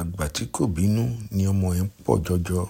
àgbà tí kò bínú ni ọmọ yẹn pọ̀ jọjọ